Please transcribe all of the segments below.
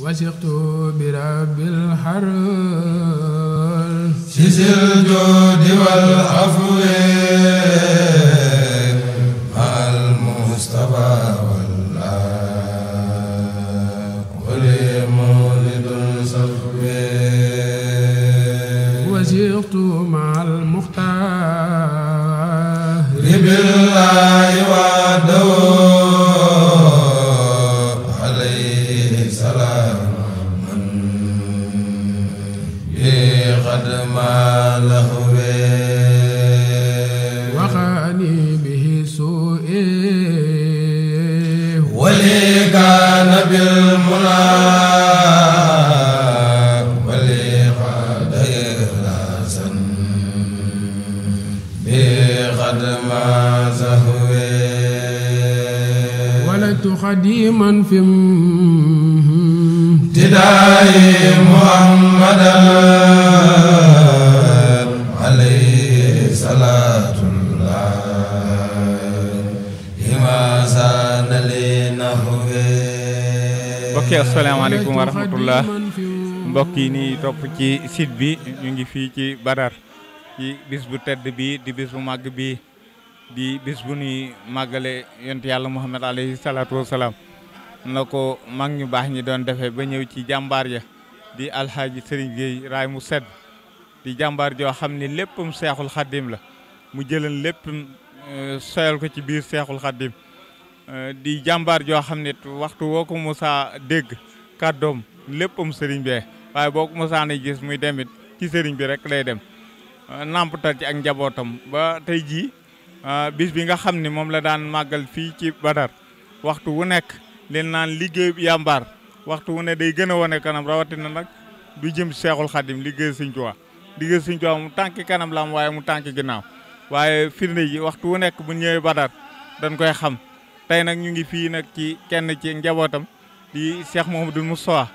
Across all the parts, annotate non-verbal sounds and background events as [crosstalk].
وثقت برب الحرب سيس الجود والعفو مع المصطفى وزغت مع المختار بالله من في امتداء محمدا عليه صلاة yi nii topp ci sit bi ñu ngi fii ci Badar ci bis bu tedd bi di bis bu màgg bi di bis bu ñuy màggale yonent yàlla Muhammad alayhi salaatu wasalaam na ko mag ñu baax ñi doon defee ba ñëw ci jàmbaar ja di alxaaji sëriñ Gueye raay mu sedd di jàmbaar joo xam ne mu seexul xaddim la mu jëlan léppam euh, soyal ko ci biir seexul xaddim euh, di jàmbaar joo xam ne waxtu woo ko musaa dégg kàddoom lépp mu sëriñ bee waaye boo ko musaa na gis muy demit ci sëriñ bi rek lay dem euh, nàmpatal ci ak njabootam ba tey jii bis bi nga xam ne moom la daan màggal fii ci Badar waxtu wu nekk leen naan liggéeyu yàmbaar waxtu wu ne day gën a wane kanam rawatina nag du jëm Seexul xaddim liggéey Sëñ Tuubaa liggéey Sëñ Tuubaa mu tànki kanam laam waaye mu tànki ginnaaw waaye firnde yi waxtu wu nekk bu ñëwee Badar dañ koy xam tey nag ñu ngi fii nag ci kenn ci njabootam di Cheikh mu Moustapha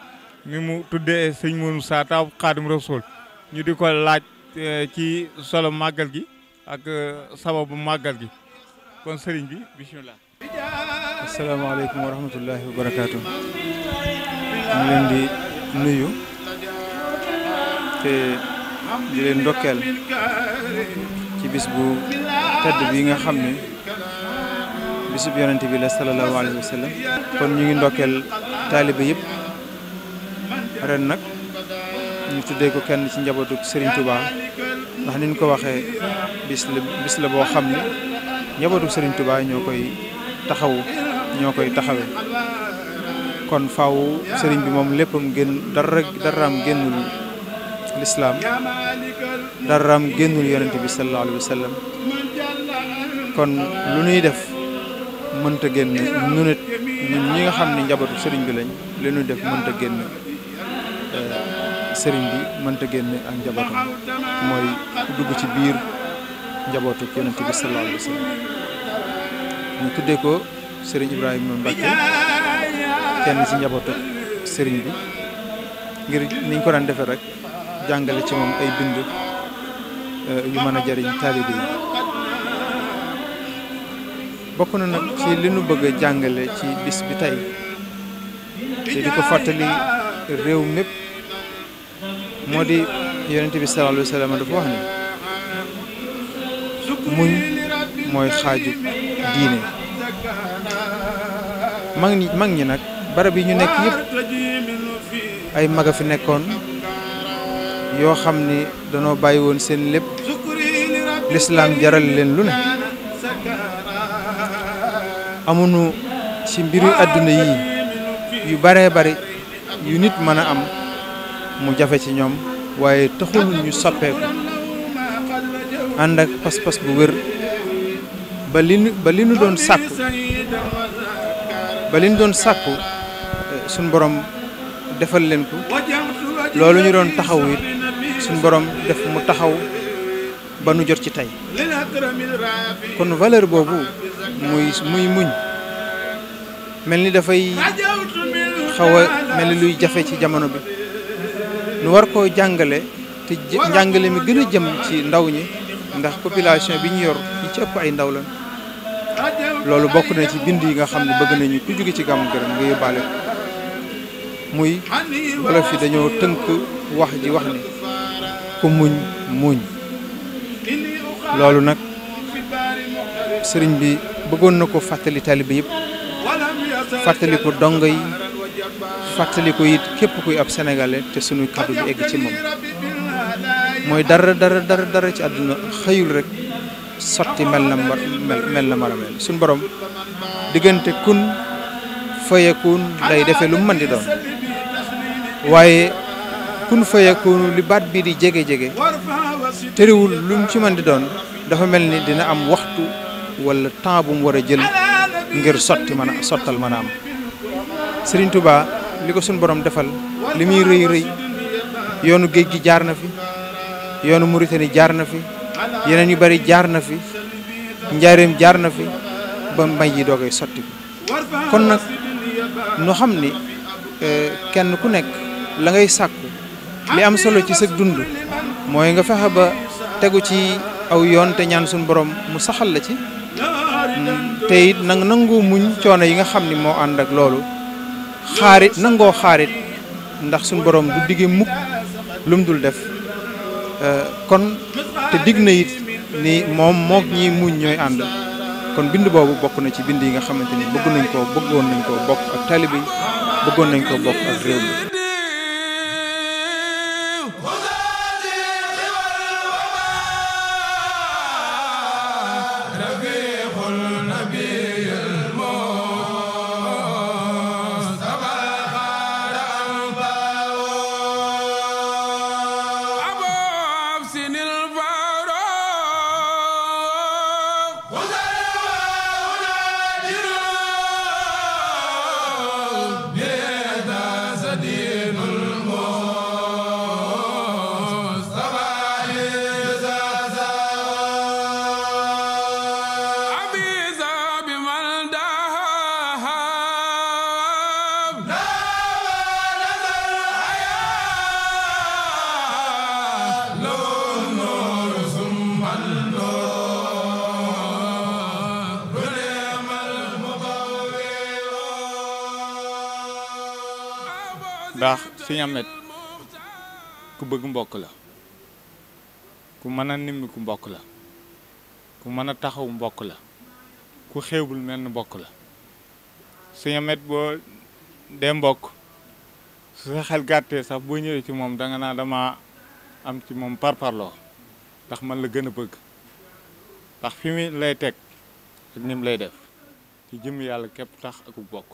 mi mu tuddee Sëñ Moussa Taw Xaadim Rasul ñu di ko laaj eh, ci solo màggal gi ak eh, sababu màggal gi kon sëriñ bi bismillah asalaamaaleykum wa rahmatullahi wa barakaatu. ñu leen di nuyu te di leen ndokkeel ci bis bu tedd bi nga xam ni ne bisub yonente bi la sallallahu alayhi wa sallam kon ñu ngi ndokkeel taaliba yëpp ren nag ñu tuddee ko kenn ci njabootu sëriñ Touba ndax ni ñu ko waxee bis la boo xam ne njabootu sëriñ Touba ñoo koy taxawu. ñoo koy taxawee kon faw sëriñ bi moom léppam génn dara daraam génnul lislaam daraam génnul yonent bi sallallahu alayhi wa sallam kon lu nuy def mënta génn nu ñi nga xam ne njabootu sëriñ bi lañ li nuy def mënta génn eh, sëriñ bi mënta génn ak njabootam mooy dugg ci biir njabootu yonent bi sallallahu alayhi wa ñu tuddee ko sëriñ Ibrahima Mbacke kenn ci njabootu sëriñ bi ngir niñ ko daan defee rek jàngale ci moom ay bind euh, yu mën a jariñ taalibe yi bokk na nag ci li nu bëgg jàngale ci bis bi tey te di ko fàttali réew mépp moo di yonent bi sallallahu alayhi wa dafa wax ne muñ mooy xaaju diine mag ñi mag ñi nag barab yi ñu nekk yëpp ay mag a fi nekkoon yoo xam ni danoo bàyyi woon seen lépp lislaam jaral leen lu ne amuñu ci mbiru àdduna yi yu baree bari yu nit mën a am mu jafe ci ñoom waaye taxul ñu soppeeku ànd ak pas-pas bu wér ba li ba li nu doon sàkk ba doon sàkku eh, suñ borom defal leen ko loolu ñu doon taxaw it suñ borom def mu taxaw ba nu jot ci tey kon valeur boobu muy muy muñ mel ni dafay xaw a mel ni luy jafe ci jamono bi nu war koo jàngale te njàngale mi gën a jëm ci ndaw ñi ndax population bi ñu yor yi ci ëpp ay ndaw lañ loolu bokk na ci bind yi nga xam ne bëgg nañu ku jóge ci gàmmu gërëm nga yóbbaale muy wala fi dañoo tënk wax ji wax ni ku muñ muñ loolu nag sëriñ bi bëggoon na ko fàttali taalibe yëpp fàttaliku ko dongo fàttaliku fàttali it képp kuy ab sénégalais te sunu kàddu bi egg ci moom mooy dara dara dara ci àdduna xëyul rek sotti mel na mel na mën a mel suñ borom diggante kun fayakun lay defe lu mu mën di doon waaye kun fayakun li baat bii di jege jege tëriwul lu mu ci man di doon dafa mel ni dina am waxtu wala temps bu mu war a jël ngir sotti man a sottal mën a am Serigne Touba li ko suñ borom defal li muy rëy rëy yoonu géej gi jaar na fi yoonu Mauritanie jaar na fi. yeneen yu bari jaar na fi njaareem jaar na fi ba mbay yi doogay sotti kon nag nu xam ni eh, kenn ku nekk la ngay sàkku li am solo ci sëg dund mooy nga fexe ba tegu ci aw yoon te ñaan suñu borom mu saxal la ci mm, te it nag nangu muñ coono yi nga xam ni moo ànd ak loolu xaarit nangoo xaarit ndax suñu borom du digge mukk lum dul def Euh, kon te digg na it ni moom mook ñi muñ ñooy ànd kon bind boobu bokk na ci bind yi nga xamante ni bëgg nañ ko bëggoon nañ ko bokk ak taalibe yi bëggoon nañ ko bokk ak réew mi Sëñ ku bëgg mbokk la ku mën a nimmiku mbokk la ku mën a taxaw mbokk la ku xeebul menn mbokk la Sëñ Amet boo dee mbokk su sa xel gàttee sax boo ñëwee ci moom danga naa dama am ci moom parparloo ndax man la gën a bëgg ndax fi mu lay teg ak nim lay def ci jëm yàlla képp tax aku bokk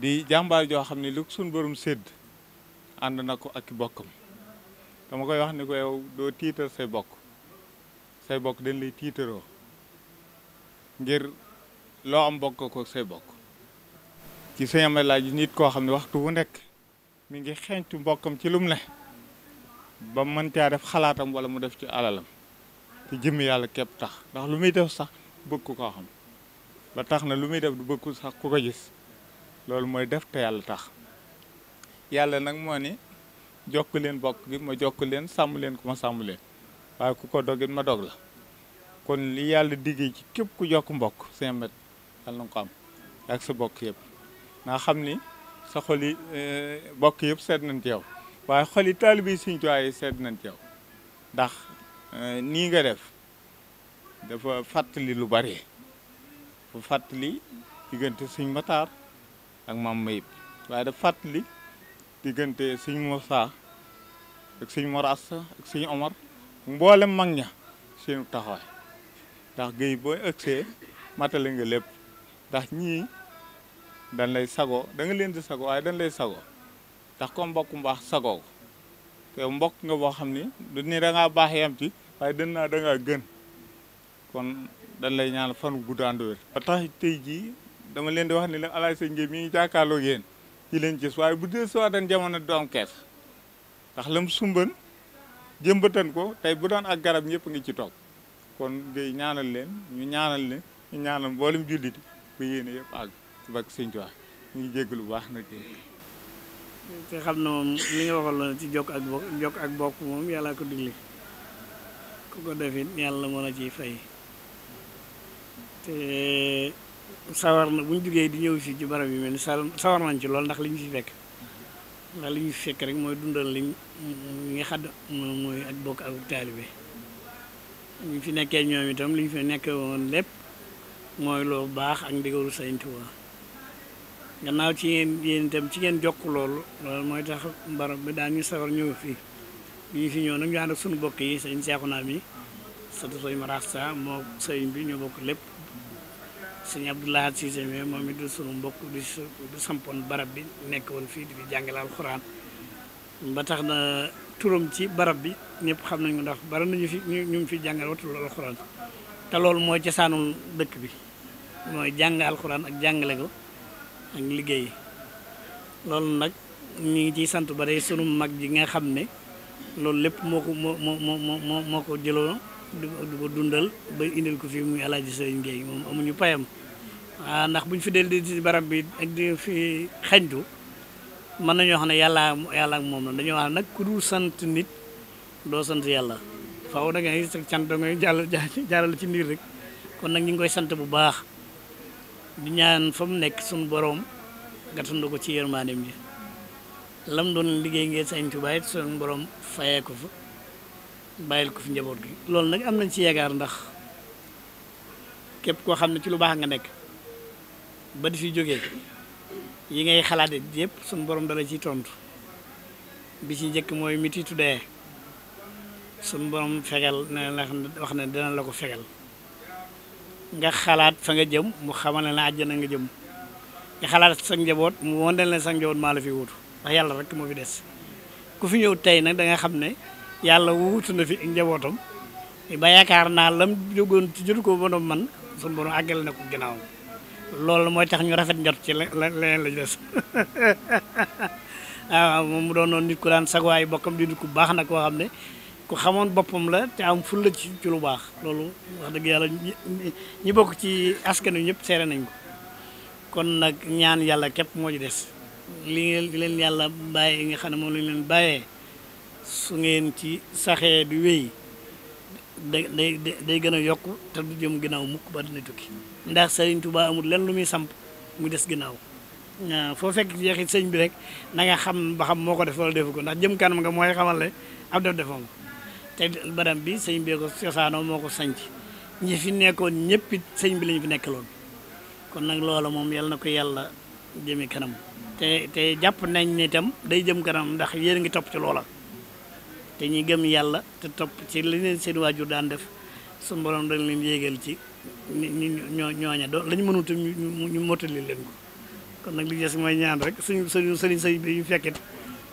di jàmbaar joo xam ne lu suñ borom sédd ànd na ko ak bokkam dama koy wax ni ko yow doo tiitar say bokk say bokk dañ lay tiitaroo ngir loo am bokk ko say bokk ci sëñame laaj nit koo xam ne waxtu wu nekk mu ngi xeeñtu mbokkam ci lum ne ba mën caa def xalaatam wala mu def ci alalam te jëmm yàlla képp tax ndax lu muy def sax bëgg ko koo xam ba tax na lu muy def du bëgg sax ku ko gis loolu mooy def te yàlla tax yàlla nag moo ni jokk leen bokk gi ma jokk leen sàmm leen ku ma sàmm leen waaye ku ko dogit ma dog la kon li yàlla diggee ci képp ku jokk mbokk cinq mètres yàlla na ko am ak sa bokk yëpp naa xam ni sa xol yi eh, yëpp seet nañ ci yow waaye xol yi taalibe nañ ci ndax eh, nii nga def dafa fàttali lu bari dafa fàttali diggante Sëriñ Mataar ak maam Mayib waaye dafa fàttali diggante sëñ Moussa ak sëñ Mor Assa ak sëñ Omar mboolem mag ña seen taxawaay ndax géej booy ëgsee matale nga lépp ndax ñii dañ lay sago da leen si sago waaye dañ lay sago tax ko mbokk mbaax sagoo te mbokk nga boo xam ni du ni da baax yam ci waaye dan naa da ngaa gën kon dañ lay ñaan fan gudd ànd wér ba tax tey jii dama leen di wax ni leen alaaj sëñ mi ngi jàkkaarloo yéen ci leen gis waaye bu dee si waatan jamono du am kees ndax lam sumban jëmbatan ko tey bu doon ak garab a ngi ci toog kon day ñaanal leen ñu ñaanal leen ñu ñaanal mboolem jullit ba yéene yëpp àgg bak sëñ Tuubaa ñu ngi jéggalu bu baax na te xam na moom li nga waxal la ci jokk ak bokk jokk ak bokk moom yàllaa ko digle ku ko defit yàlla mën a ciy fay te sawar na bu ñu jugee di ñëw fii ci barab yu mel ni sawar nañ ci loolu ndax li ñu fi fekk ndax li fi fekk rek mooy dundal liñ nga xadd mooy ak bokk ak taalibe ñu fi nekkee ñoom itam li ñu fi nekkee lépp mooy loo baax ak ndigalu Sëriñ Tuubaa gannaaw ci ngeen yéen itam ci ngeen jokk loolu loolu mooy tax barab bi daan ñu sawar ñëw fii bi fi ñëw nag ñu ànd ak suñu bokk yi Sëriñ Seexuna mi satu sëñ Maraxsa moo sëriñ bi ñu bokk lépp sëñ Abdoulaye Cissé mi moom it du sunu mbokk du du sampoon barab bi nekk woon fii di fi jàngale alxuraan ba tax na turam ci barab bi ñëpp xam nañu ndax bara nañu fi ñu ñu fi jàngale watul alxuraan te loolu mooy cosaanul dëkk bi mooy jàng alxuraan ak jàngale ko ak liggéey loolu nag ñu ngi ciy sant ba day sunu mag ji nga xam ne loolu lépp moo ko moo moo moo moo ko jëloo du ko dundal ba indil ko fi muy alaaji Sëriñ Gueye moom amuñu payam ah ndax buñ fi del di barab bi ak di fi xañtu mën nañoo xam ne yàlla yàlla ak moom la dañoo wax nag ku dul sant nit doo sant yàlla faaw da ngay sant ngay jàll jàllal ci ndiir kon nag ñu ngi koy sant bu baax di ñaan fa mu nekk suñ boroom gàttandu ko ci yërmaaneem ji lam doon liggéey ngeen Sëriñ Tuubaa it suñu boroom fayee ko fa bàyyil ko fi njaboot gi loolu nag am nañ ci yaakaar ndax képp koo xam ne ci lu baax nga nekk ba di fi jógee yi ngay xalaate yépp suñu borom dala ciy tontu bi ci njëkk mooy miti tuddee suñu borom fegal na la wax ne dina la ko fegal nga xalaat fa nga jëm mu xamal ne la àjjana nga jëm nga xalaat sa njaboot mu wondeel ne sa njaboot maa la fi wutu ndax yàlla rek moo fi des ku fi ñëw tey nag da xam ne yàlla wuutu na fi ak ba yaakaar naa lam jógoon ci jot ko bonom man suñu borom àggal na ko ginnaaw loolu mooy tax ñu rafet njot ci la leneen la des [laughs] waaw moom mu doon noonu nit ku daan saguwaay bokkam di nit ku baax nag koo xam ne ku xamoon boppam la te am fulla ci ci lu baax loolu wax dëgg yàlla ñi bokk ci askan wi ñëpp seere nañ ko kon nag ñaan yàlla képp moo ci des li leen yàlla bàyyee nga xam ne moom lañ leen bàyyee su ngeen ci saxee di wéy day day day gën a yokk te du jëm ginnaaw mukk ba dina tukki ndax Sëriñ Tuubaa amul lenn lu muy samp mu des ginnaaw foo fekk jeexit sëñ bi rek nanga xam ba xam moo ko def wala defu ko ndax jëm kanam nga mooy xamal ne ab te baram bi sëñ bee ko moo ko sanc ñi fi nekkoon ñëpp sëñ bi lañ fi nekkaloon kon nag loola moom yal na ko yàlla jëmi kanam te jàpp nañ ne itam day jëm kanam ndax yéen ngi topp ci loola. te ñi gëm yàlla te topp ci li leen seen waajur daan def su borom dañ leen yéegal ci ñoo ñooña do lañ mënut ñu motali leen ko kon nag li des mooy ñaan rek suñu suñu sëriñ sëriñ bi ñu fekkit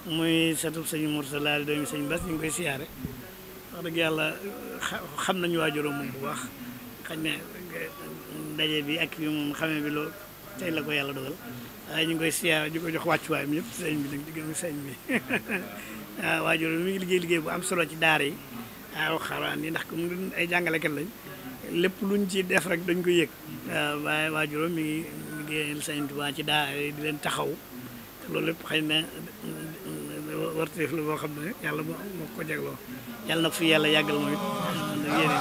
muy setub sëñ Mursalaa di doomi sëñ Bas ñu ngi koy siyaare wax dëgg yàlla xam nañu waajuram moom bu wax xañ ne ndaje bi ak bi moom xamee bi loolu tey la ko yàlla dogal waaye ñu ngi koy siyaare ñu ko jox wàccuwaayam yëpp sëñ bi nag diggam sëñ bi [laughs] Ah, waajur mi ngi liggéey liggéey bu am solo ci daara yi ah, alxuraan yi ndax mu ngi ay jàngalekat lañ lépp luñ ci def rek dañ ko yëg ah, waaye waajuram mi ngi liggéeyal Sëñ Tuubaa ci daara yi di leen taxaw te loolu lépp xëy na warteef la boo xam ne yàlla moo ko jagloo yàlla na ko fi yàlla yàggal mooy it yéen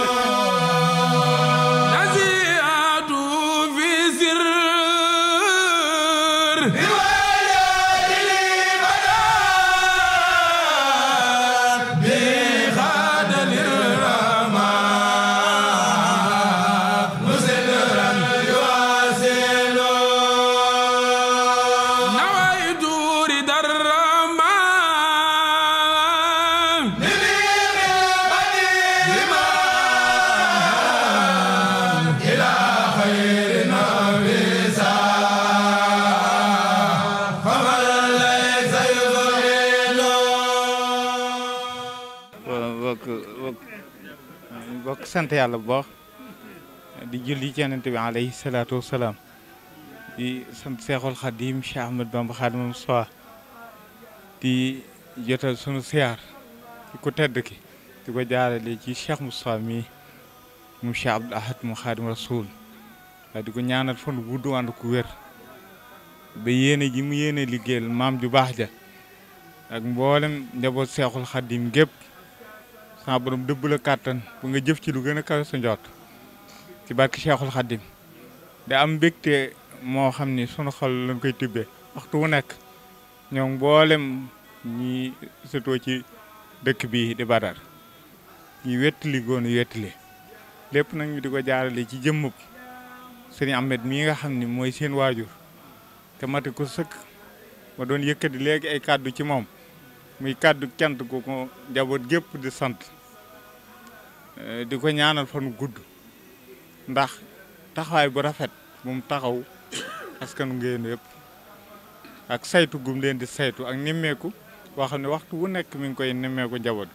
[laughs] sant yàlla bu baax di julli ci yonent bi alayhi salaatu wasalaam di sant seexul xadim Cheikh Ahmad Bamba Xaadimu Mustafa di jotal sunu siyaar ci ku tedd ki di ko jaarale ci Cheikh Mustafa mi mu Cheikh Abdul Ahad mu Xaadimu Rasuul waaye di ko ñaanal fan bu gudd ànd ku wér ba yéene ji mu yéene liggéeyal maam ju baax ja ak mboolem njaboot seexul xadim gépp sama borom dëbb la kàttan bu nga jëf ci lu gën a kawe sa njort ci barke Cheikhul Khadim da am mbégte moo xam ni sunu xol lañ koy tibbee waxtu wu nekk ñoom mboolem ñi sëtoo ci dëkk bi di Badar ñu wettali goonu wettali lépp nag ñu di ko jaarale ci jëmmub sëriñ Ahmed mii nga xam ni mooy seen waajur te mati ko sëkk ma doon di léegi ay kàddu ci moom muy kàddu cant gu ko njaboot gépp di sant eh, di ko ñaanal fanu gudd ndax taxawaay bu rafet bu mu taxaw askanu ngeen yëpp ak saytu gum leen di saytu ak nemmeeku boo xam ne waxtu wu nekk mu ngi koy nemmeeku njaboot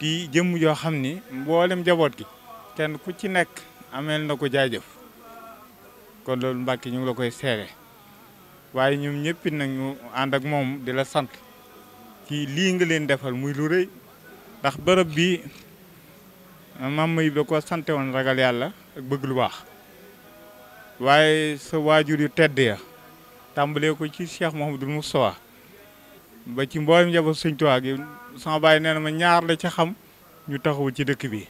di jëmm joo xam ni mboolem njaboot gi kenn ku ci nekk ameel na ko jaajëf kon loolu Mbàkke ñu ngi la koy seere waaye ñoom ñëpp nag ñu ànd ak moom di la sant ci lii nga leen defar muy lu rëy ndax bërëb bi maam yi da ko sante woon ragal yàlla ak bëgg lu baax waaye sa waajur yu tedd ya tàmbalee ko ci moom Cheikh mu Moustapha ba ci mboolem njaboot Sëñ Tuubaa gi sama baay nee na ma ñaar la ci xam ñu taxawu ci dëkk bi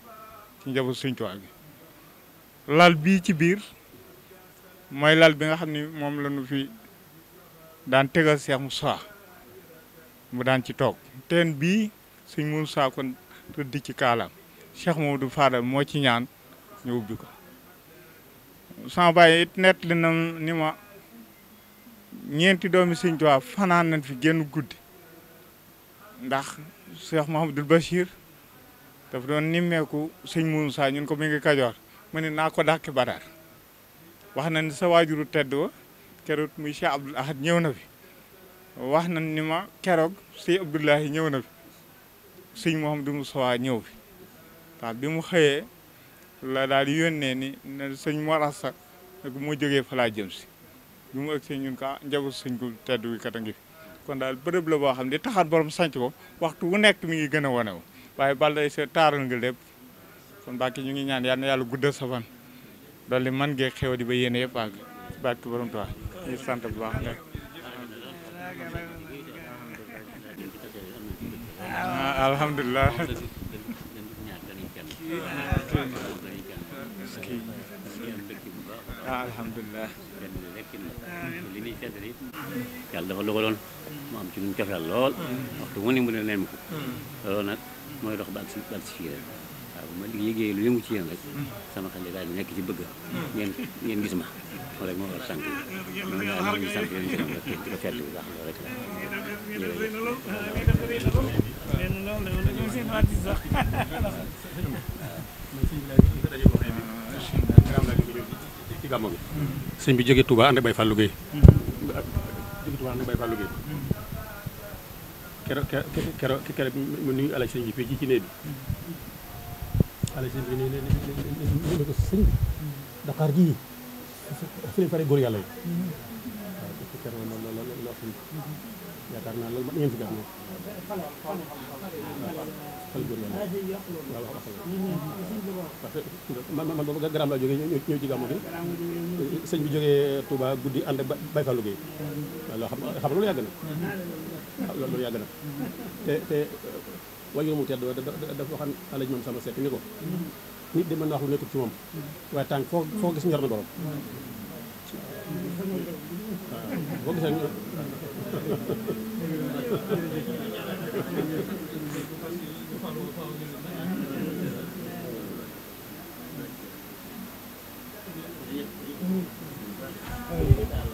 ci njaboot Sëñ gi lal bii ci biir mooy lal bi nga xam ni moom la ñu fi daan tegal Cheikh Moustapha mu daan ci toog teen bii sëñ Moussa kon tëdd ci kaalaam Cheikh Mamadou Fadal moo ci ñaan ñu ubbi ko sama baay nett li na ni ma ñeenti doomi sëñ Tuubaa fanaan nañ fi génn guddi ndax Cheikh Mahamadul Bachir dafa doon nimmeeku sëñ Moussa ñun ko mi ngi Kajoor mu ni naa ko dàkki Badar wax na ni sa waajuru tedd wa kerut muy Cheikh Abdoul Ahad ñëw na fi wax na ni ma keroog sëñ Abdoulahi ñëw na fi sëñ mu Moustapha ñëw fi waaw bi mu xëyee la daal di yónnee ni ne sëñ Morassa ak moo jógee fa laa jëm si bi mu ëgsee ñun ka njaboot sëñ gu tedd wi kat a ngi fi kon daal bërëb la boo xam ne taxaat borom sanc ko waxtu wu nekk mi ngi gën a wane wu waaye balday sa taaral nga lépp kon bàkki ñu ngi ñaan yal na yàlla guddal sa fan dolli man ngee xew di ba yéene yëpp àgg bàkki borom Tuubaa ñu sant bu alhamdulilah. alhamdulilah. yàlla dafa dogaloon mu am ci ñun cofeel lool waxtu mu ne mu ne leen ko hmm. loolu nag mooy dox ba ak si ba ak si fii rek waaw bu ma yëgee lu yëngu ci yéen rek mm. sama xel daal di nekk ci bëgg mm. ngeen ngeen gis ma moo rek moo war a sant noonu daal maa ngi sant leen gërëm rek di ko fedd bu baax loolu rek la ci gàmmu gi sëñ bi jógee Touba ànd ak Baye Fallou Gueye jógee Touba ànd ak Baye Fallou Gueye kero kero kero kero mu nuyu alaaj sëñ bi fii ci ci néeg bi xale si bi ni ne ko sëñ bi Dakar gii fi lañ fare góor yàlla yi waaw ker na loolu loolu loo xam yaakaar naa loolu man ngeen fi gàtt fal góor yàlla waaw parce que man man boobu garaam laa jógee ñëw ci gàmmu gi sëñ bi jógee Touba guddi ànd ak Baye Fallou Gueye waaw loo xam xam loolu yàgg na loolu yàgg na te te waajur mu tedd dafa xam alaaj moom sama sekk ni ko nit di mën na lu nekkul ci moom waaye tànk foo foo gis ñor na borom waaw foo gisee ñor [laughs]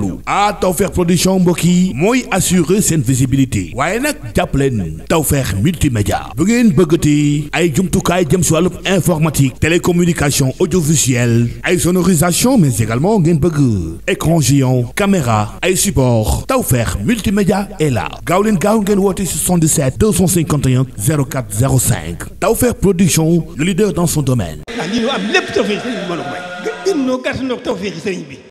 loolu ah Tawfekh production mbokk yi mooy assurer seen visibilité waaye nag jàppaleen Tawfekh multimédia bu ngeen bëggati ay jumtukaay jëm si wàllu informatique télécommunication audiovisuelle ay sonorisation mais également ngeen bëgg écran géant caméra ay support Tawfekh multimédia est là gaaw leen gaaw ngeen woote 77 251 04 05 Tawfekh production le leader dans son domaine. ah lii ñu am lépp Tawfekh sëriñ bi mën a may. gën noo gàtt noo Tawfekh sëriñ bi.